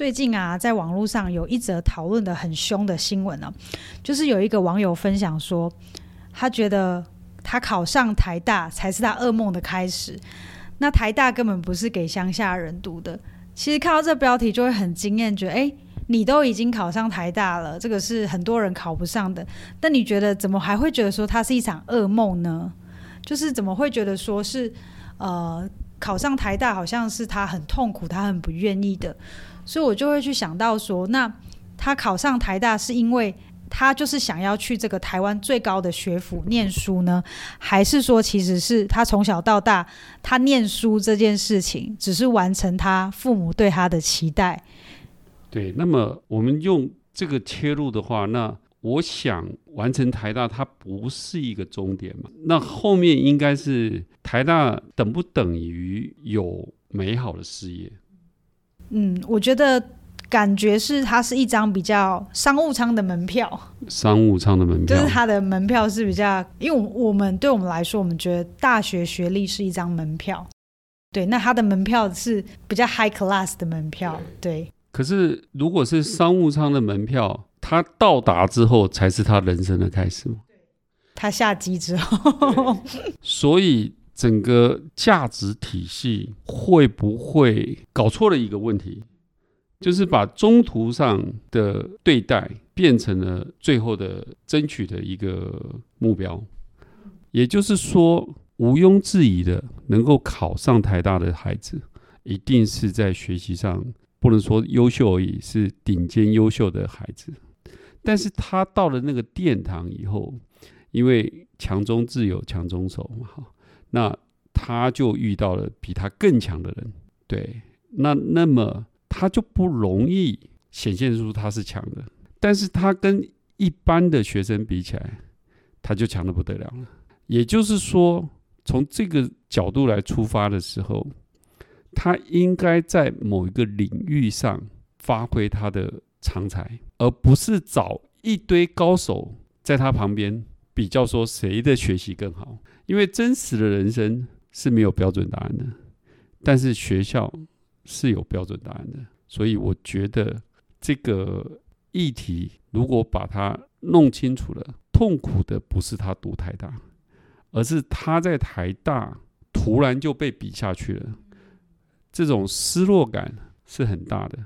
最近啊，在網絡上有一則討論的很兇的新聞呢、啊，就是有一個網友分享說，他覺得他考上台大才是他噩夢的開始。那台大根本不是給鄉下人讀的。其實看到這個標題就會很驚艷，覺得誒、欸，你都已經考上台大了，這個是很多人考不上的。但你覺得怎麼還會覺得說它是一場噩夢呢？就是怎麼會覺得說是呃？考上台大好像是他很痛苦，他很不願意的，所以我就會去想到說，那他考上台大是因為他就是想要去這個台灣最高的學府念書呢？還是說其實是他從小到大他念書這件事情只是完成他父母對他的期待？對，那麼我們用這個切入的話，那。我想完成台大，它不是一個終點嘛？那後面應該是台大等不等於有美好的事業？嗯，我覺得感覺是它是一張比較商務艙的門票。商務艙的門票，就是它的門票是比較，因為我們對我們來說，我們覺得大學學歷是一張門票。對，那它的門票是比較 high class 的門票。對。對可是如果是商務艙的門票。嗯嗯他到達之後才是他人生的開始。他下機之後，所以整個價值體系會不會搞錯了一個問題？就是把中途上的對待變成了最後的爭取的一個目標。也就是說，毋庸置疑的，能夠考上台大的孩子，一定是在學習上不能說優秀而已，是頂尖優秀的孩子。但是他到了那個殿堂以後，因為強中自有強中手嘛，哈，那他就遇到了比他更強的人，對，那那麼他就不容易顯現出他是強的，但是他跟一般的學生比起來，他就強得不得了了。也就是說，從這個角度來出發的時候，他應該在某一個領域上發揮他的。長才，而不是找一堆高手在他旁邊比較說誰的學習更好。因為真實的人生是沒有標準答案的，但是學校是有標準答案的。所以我覺得這個議題如果把它弄清楚了，痛苦的不是他讀台大，而是他在台大突然就被比下去了，這種失落感是很大的。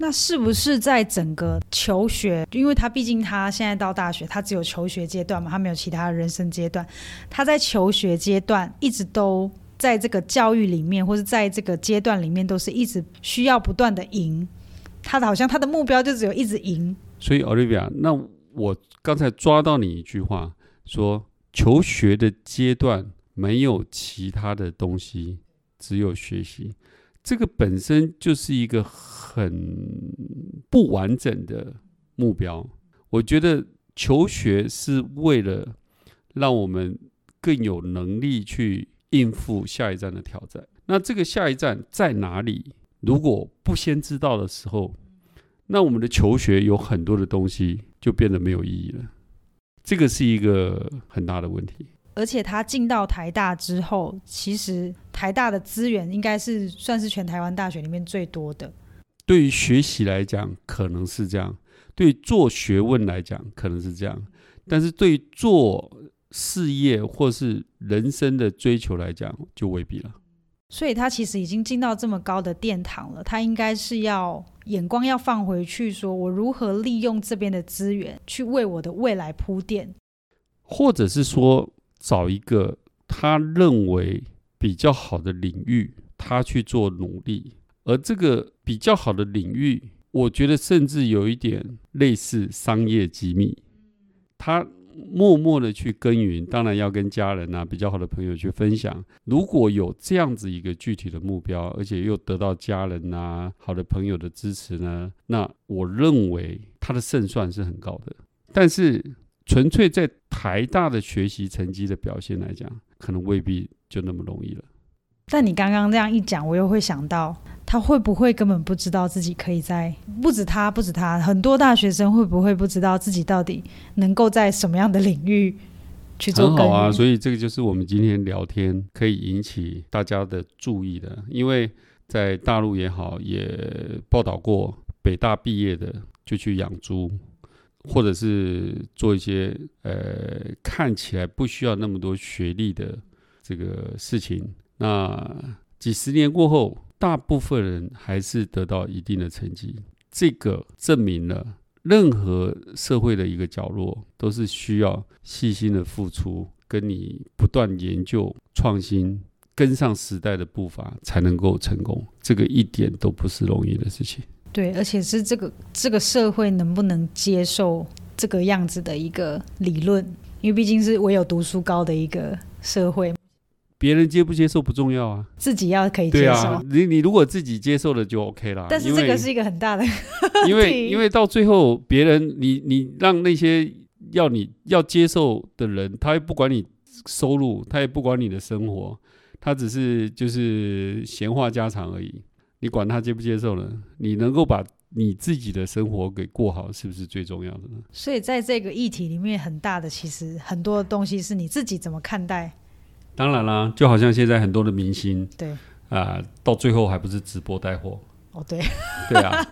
那是不是在整個求學？因為他畢竟他現在到大學，他只有求學階段嘛，他沒有其他人生階段。他在求學階段一直都在這個教育裡面，或者在這個階段裡面，都是一直需要不斷的贏。他好像他的目標就只有一直贏。所以，Olivia，那我剛才抓到你一句話，說求學的階段沒有其他的東西，只有學習。這個本身就是一個很不完整的目標。我覺得求學是為了讓我們更有能力去應付下一站的挑戰。那這個下一站在哪裡？如果不先知道的時候，那我們的求學有很多的東西就變得沒有意義了。這個是一個很大的問題。而且他進到台大之後，其實台大的資源應該是算是全台灣大學裡面最多的。對於學習來講，可能是這樣；對做學問來講，可能是這樣；但是對做事業或是人生的追求來講，就未必了。所以，他其實已經進到這麼高的殿堂了，他應該是要眼光要放回去，說我如何利用這邊的資源去為我的未來鋪墊，或者是說。找一個他認為比較好的領域，他去做努力。而這個比較好的領域，我覺得甚至有一點類似商業機密，他默默地去耕耘。當然要跟家人吶、啊、比較好的朋友去分享。如果有這樣子一個具體的目標，而且又得到家人吶、啊、好的朋友的支持呢，那我認為他的勝算是很高的。但是。純粹在台大的學習成績的表現來講，可能未必就那麼容易了。但你剛剛這樣一講，我又會想到，他會不會根本不知道自己可以在？不止他，不止他，很多大學生會不會不知道自己到底能夠在什麼樣的領域去做？好啊，所以這個就是我們今天聊天可以引起大家的注意的，因為在大陸也好，也報道過北大畢業的就去養豬。或者是做一些呃看起來不需要那麼多學歷的這個事情，那幾十年過後，大部分人還是得到一定的成績。這個證明了，任何社會的一個角落都是需要細心的付出，跟你不斷研究、創新、跟上時代的步伐，才能夠成功。這個一點都不是容易的事情。對，而且是這個這個社會能不能接受這個樣子的一個理論？因為畢竟是唯有讀書高的一個社會，別人接不接受不重要啊，自己要可以接受。對啊，你你如果自己接受了就 OK 啦。但是這個為是一個很大的，因為因為到最後別人你你讓那些要你要接受的人，他也不管你收入，他也不管你的生活，他只是就是閒話家常而已。你管他接不接受呢？你能夠把你自己的生活給過好，是不是最重要的呢？所以在這個議題裡面，很大的其實很多東西是你自己怎麼看待。當然啦，就好像現在很多的明星，對啊、呃，到最後還不是直播帶貨？哦，對，對啊。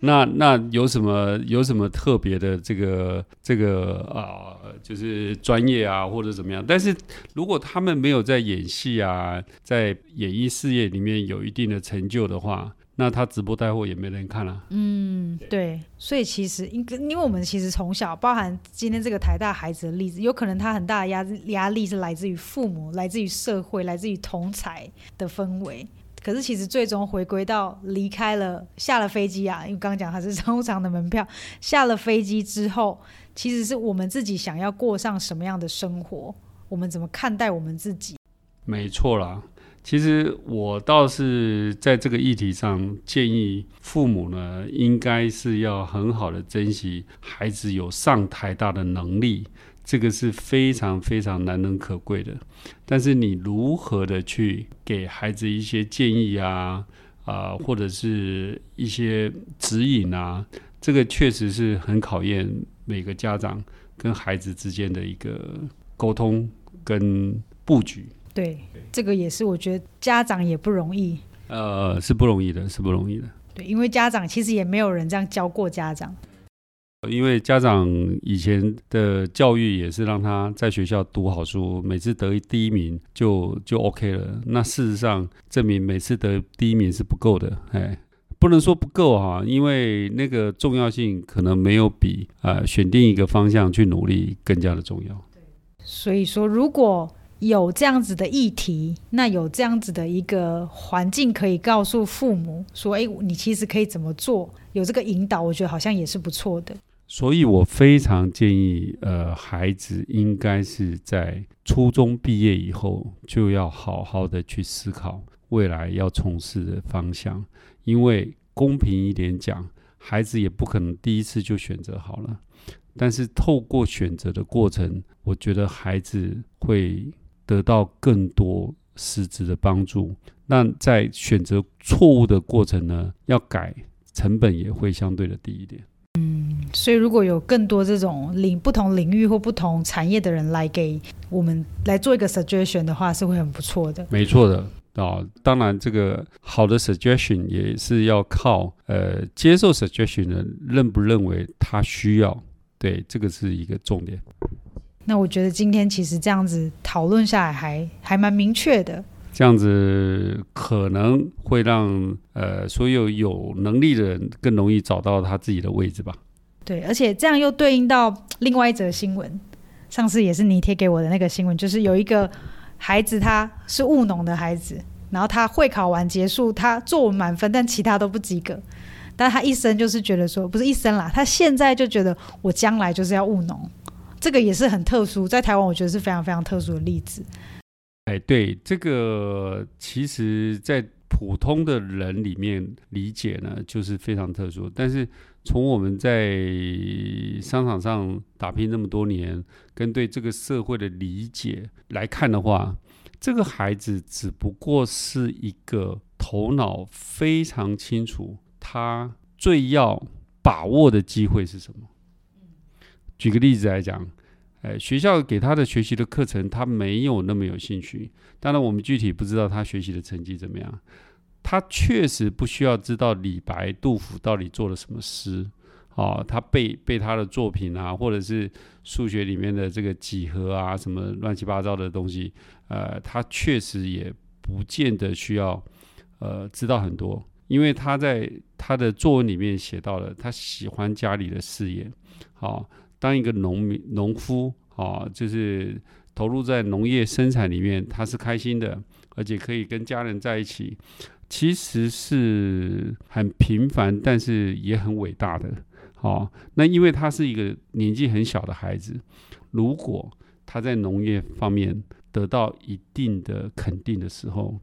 那那有什麼有什麼特別的這個這個啊、呃，就是專業啊或者怎麼樣？但是如果他們沒有在演戲啊，在演藝事業裡面有一定的成就的話，那他直播帶貨也沒人看了、啊。嗯，對。所以其實，因因為我們其實從小，包含今天這個台大孩子的例子，有可能他很大的壓壓力是來自於父母，來自於社會，來自於同儕的氛圍。可是，其實最終回歸到離開了下了飛機啊，因為剛剛講它是通常的門票。下了飛機之後，其實是我們自己想要過上什麼樣的生活，我們怎麼看待我們自己？沒錯啦，其實我倒是在這個議題上建議父母呢，應該是要很好的珍惜孩子有上台大的能力。這個是非常非常難能可貴的，但是你如何的去給孩子一些建議啊啊，呃，或者是一些指引啊，這個確實是很考驗每個家長跟孩子之間的一個溝通跟布局。對，這個也是我覺得家長也不容易。呃，是不容易的，是不容易的。對，因為家長其實也沒有人這樣教過家長。因為家長以前的教育也是讓他在學校讀好書，每次得第一名就就 OK 了。那事實上證明每次得第一名是不夠的，哎，不能說不夠哈、啊，因為那個重要性可能沒有比啊、呃、選定一個方向去努力更加的重要。對，所以說如果有這樣子的議題，那有這樣子的一個環境，可以告訴父母說：“哎，你其實可以怎麼做？”有這個引導，我覺得好像也是不錯的。所以，我非常建議，呃，孩子應該是在初中畢業以後，就要好好的去思考未來要從事的方向。因為公平一點講，孩子也不可能第一次就選擇好了。但是，透過選擇的過程，我覺得孩子會得到更多實質的幫助。那在選擇錯誤的過程呢，要改，成本也會相對的低一點。嗯，所以如果有更多這種領不同領域或不同產業的人來給我們來做一個 suggestion 的話，是會很不錯的。沒錯的啊、哦，當然這個好的 suggestion 也是要靠呃接受 suggestion 的人認不認為他需要，對，這個是一個重點。那我覺得今天其實這樣子討論下來還，還還蠻明確的。這樣子可能會讓呃所有有能力的人更容易找到他自己的位置吧。對，而且這樣又對應到另外一則新聞，上次也是你貼給我的那個新聞，就是有一個孩子他是務農的孩子，然後他會考完結束，他作文滿分，但其他都不及格，但他一生就是覺得說，不是一生啦，他現在就覺得我將來就是要務農，這個也是很特殊，在台灣我覺得是非常非常特殊的例子。哎，對，這個其實在普通的人裡面理解呢，就是非常特殊。但是從我們在商場上打拼這麼多年，跟對這個社會的理解來看的話，這個孩子只不過是一個頭腦非常清楚，他最要把握的機會是什麼？舉個例子來講。學校給他的學習的課程，他沒有那麼有興趣。當然，我們具體不知道他學習的成績怎麼樣。他確實不需要知道李白、杜甫到底做了什麼詩啊，他背背他的作品啊，或者是數學裡面的這個幾何啊，什麼亂七八糟的東西，呃，他確實也不見得需要呃知道很多，因為他在他的作文裡面寫到了，他喜歡家裡的事業，好。當一個農民、農夫啊、哦，就是投入在農業生產裡面，他是開心的，而且可以跟家人在一起。其實是很平凡，但是也很偉大的。哦，那因為他是一個年紀很小的孩子，如果他在農業方面得到一定的肯定的時候，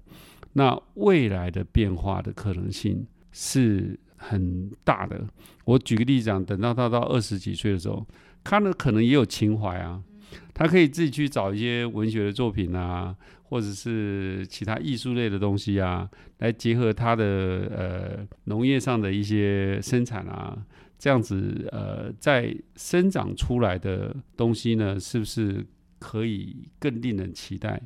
那未來的變化的可能性是。很大的。我舉個例子啊，等到他到二十幾歲的時候，他呢可能也有情懷啊，他可以自己去找一些文學的作品啊，或者是其他藝術類的東西啊，來結合他的呃農業上的一些生產啊，這樣子呃在生長出來的東西呢，是不是可以更令人期待，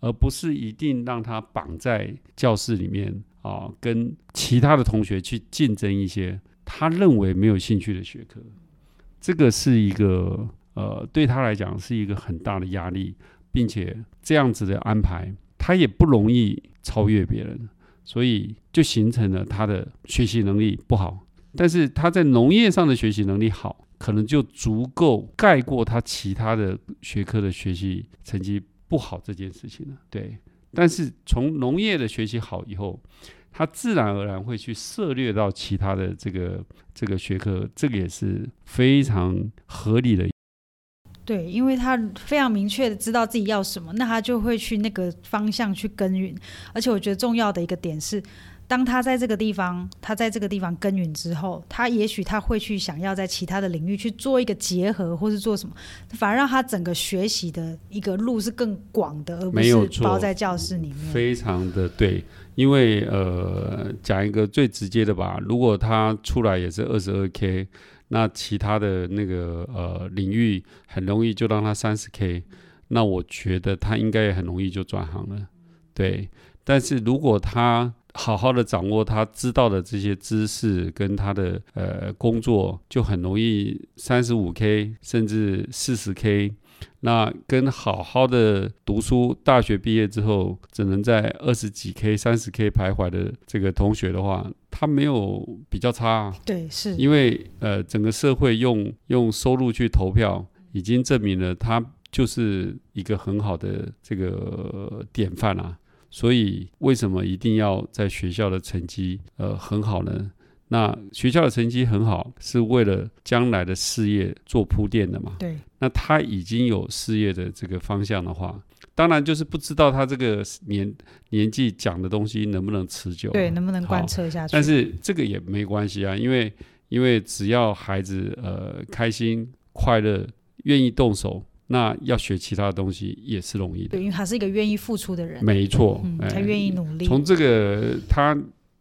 而不是一定讓他綁在教室裡面。啊，跟其他的同學去競爭一些他認為沒有興趣的學科，這個是一個呃，對他來講是一個很大的壓力，並且這樣子的安排，他也不容易超越別人，所以就形成了他的學習能力不好，但是他在農業上的學習能力好，可能就足夠蓋過他其他的學科的學習成績不好這件事情了，對。但是從農業的學習好以後，他自然而然會去涉獵到其他的這個這個學科，這個也是非常合理的。對，因為他非常明確的知道自己要什麼，那他就會去那個方向去耕耘。而且我覺得重要的一個點是。當他在這個地方，他在這個地方耕耘之後，他也許他會去想要在其他的領域去做一個結合，或是做什麼，反而讓他整個學習的一個路是更廣的，而不是包在教室裡面。沒有錯，非常的對。因為呃，講一個最直接的吧，如果他出來也是 22K，那其他的那個呃領域很容易就讓他 30K，那我覺得他應該也很容易就轉行了。對，但是如果他好好的掌握他知道的這些知識跟他的呃工作，就很容易三十五 k 甚至四十 k。那跟好好的讀書大學畢業之後只能在二十幾 k、三十 k 徘徊的這個同學的話，他沒有比較差。對，是因為呃整個社會用用收入去投票，已經證明了他就是一個很好的這個、呃、典範啦、啊。所以為什麼一定要在學校的成績呃很好呢？那學校的成績很好是為了將來的事業做鋪墊的嘛。對。那他已經有事業的這個方向的話，當然就是不知道他這個年年紀講的東西能不能持久。對，能不能貫徹下去。但是這個也沒關係啊，因為因為只要孩子呃開心快樂，願意動手。那要學其他東西也是容易的，對，因為他是一個願意付出的人，沒錯、嗯哎嗯，他願意努力。從這個他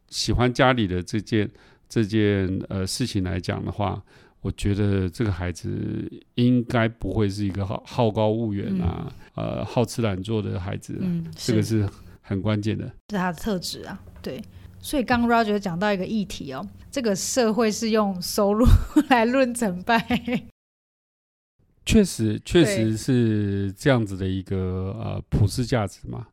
喜歡家裡的這件這件呃事情來講的話，我覺得這個孩子應該不會是一個好，好高騖遠啊，嗯、呃，好吃懶做的孩子，嗯，這個是很關鍵的，是他的特質啊，對。所以剛剛 Roger 講到一個議題哦，這個社會是用收入來論成敗。確實，確實是這樣子的一個呃對、啊、普世價值嘛。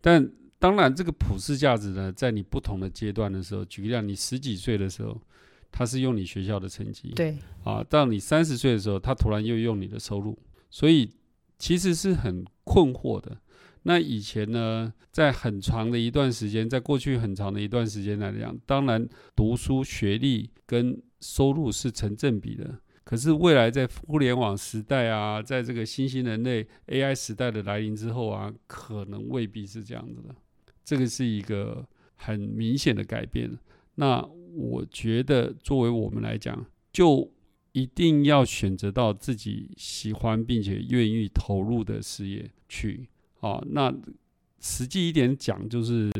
但當然，這個普世價值呢，在你不同的階段的時候，舉個例，你十幾歲的時候，他是用你學校的成績，對啊，到你三十歲的時候，他突然又用你的收入，所以其實是很困惑的。那以前呢，在很長的一段時間，在過去很長的一段時間來講，當然讀書學歷跟收入是成正比的。可是未來在互聯網時代啊，在這個新興人類 AI 時代的來臨之後啊，可能未必是這樣子的。這個是一個很明顯的改變。那我覺得，作為我們來講，就一定要選擇到自己喜歡並且願意投入的事業去啊。那實際一點講，就是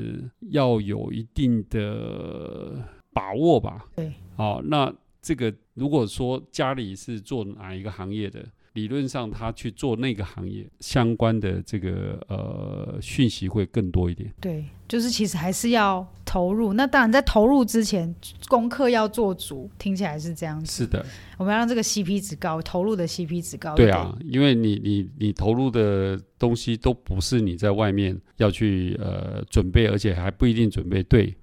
要有一定的把握吧。對，好那。這個如果說，家裡是做哪一個行業的，理論上他去做那個行業相關的這個呃訊息會更多一點。對，就是其實還是要投入。那當然在投入之前，功課要做足，聽起來是這樣子。是的，我們要讓這個 CP 值高，投入的 CP 值高對。對啊，因為你你你投入的東西都不是你在外面要去呃準備，而且還不一定準備對。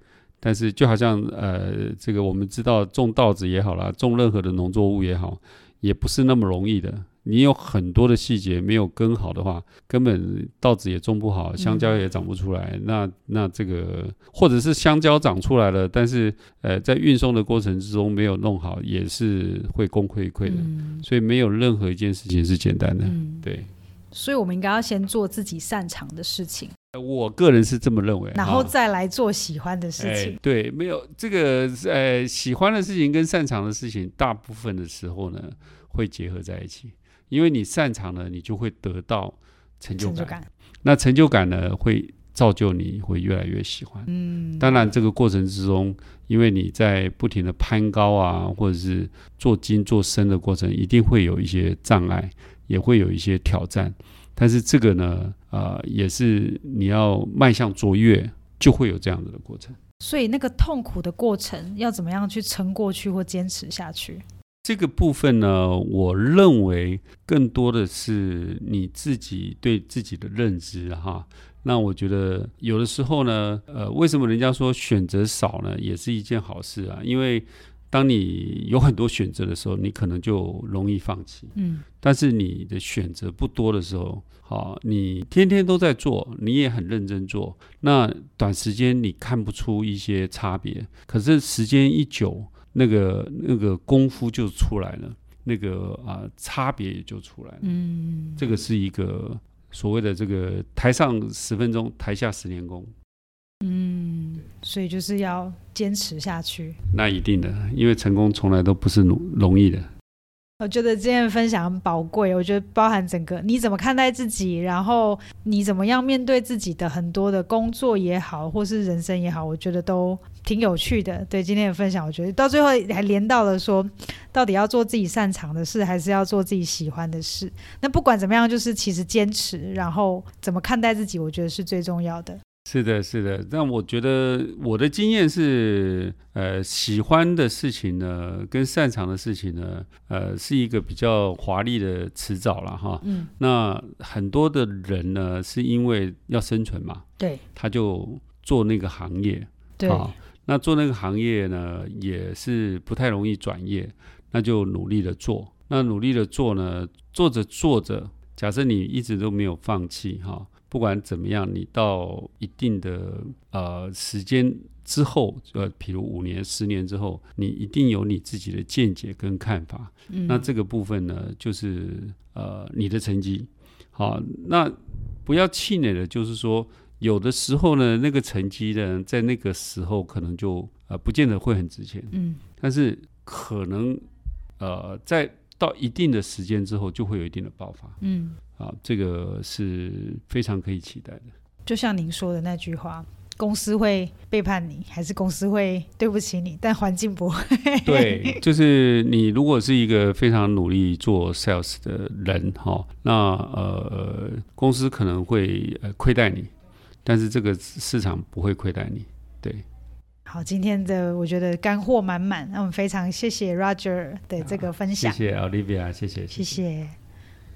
但是就好像呃，這個我們知道種稻子也好啦，種任何的農作物也好，也不是那麼容易的。你有很多的細節沒有跟好的話，根本稻子也種不好，香蕉也長不出來。嗯、那那這個，或者是香蕉長出來了，但是呃，在運送的過程之中沒有弄好，也是會功虧一簣的。嗯、所以沒有任何一件事情是簡單的，嗯、對。所以，我們應該要先做自己擅長的事情。呃、我個人是這麼認為。然後再來做喜歡的事情。啊哎、對，沒有這個，呃，喜歡的事情跟擅長的事情，大部分的時候呢，會結合在一起。因為你擅長了，你就會得到成就感。成就感。那成就感呢，會。造就你會越來越喜歡。嗯，當然這個過程之中，因為你在不停地攀高啊，或者是做精做深的過程，一定會有一些障礙，也會有一些挑戰。但是這個呢，啊、呃，也是你要邁向卓越，就會有這樣子的過程。所以那個痛苦的過程，要怎麼樣去撐過去或堅持下去？這個部分呢，我認為更多的是你自己對自己的認知，哈。那我覺得有的時候呢，呃，為什麼人家說選擇少呢？也是一件好事啊，因為當你有很多選擇的時候，你可能就容易放棄。嗯。但是你的選擇不多的時候，好、哦，你天天都在做，你也很認真做，那短時間你看不出一些差別。可是時間一久，那個那個功夫就出來了，那個啊、呃、差別也就出來了。嗯，這個是一個。所謂的這個台上十分鐘，台下十年功，嗯，所以就是要堅持下去，那一定的，因為成功從來都不是容容易的。我覺得今天的分享很寶貴，我覺得包含整個你怎麼看待自己，然後你怎麼樣面對自己的很多的工作也好，或是人生也好，我覺得都挺有趣的。對今天的分享，我覺得到最後還連到了說，到底要做自己擅長的事，還是要做自己喜歡的事？那不管怎麼樣，就是其實堅持，然後怎麼看待自己，我覺得是最重要的。是的，是的，但我覺得我的經驗是，呃，喜歡的事情呢，跟擅長的事情呢，呃，是一個比較華麗的辭藻了哈。嗯，那很多的人呢，是因為要生存嘛，對，他就做那個行業，對。那做那個行業呢，也是不太容易轉業，那就努力的做，那努力的做呢，做着做着，假設你一直都沒有放棄，哈。不管怎麼樣，你到一定的呃時間之後，呃，比如五年、十年之後，你一定有你自己的見解跟看法。嗯、那這個部分呢，就是呃你的成績。好、啊，那不要氣餒的，就是說，有的時候呢，那個成績呢在那個時候可能就呃不見得會很值錢。嗯，但是可能呃在到一定的時間之後，就會有一定的爆發。嗯。啊，這個是非常可以期待的。就像您說的那句話，公司會背叛你，還是公司會對不起你？但環境不會。 對，就是你如果是一個非常努力做 sales 的人，哈、哦，那呃，公司可能會呃虧待你，但是這個市場不會虧待你。對。好，今天的我覺得乾貨滿滿，那我們非常謝謝 Roger 的這個分享，謝謝 Olivia，謝謝，謝謝。謝謝。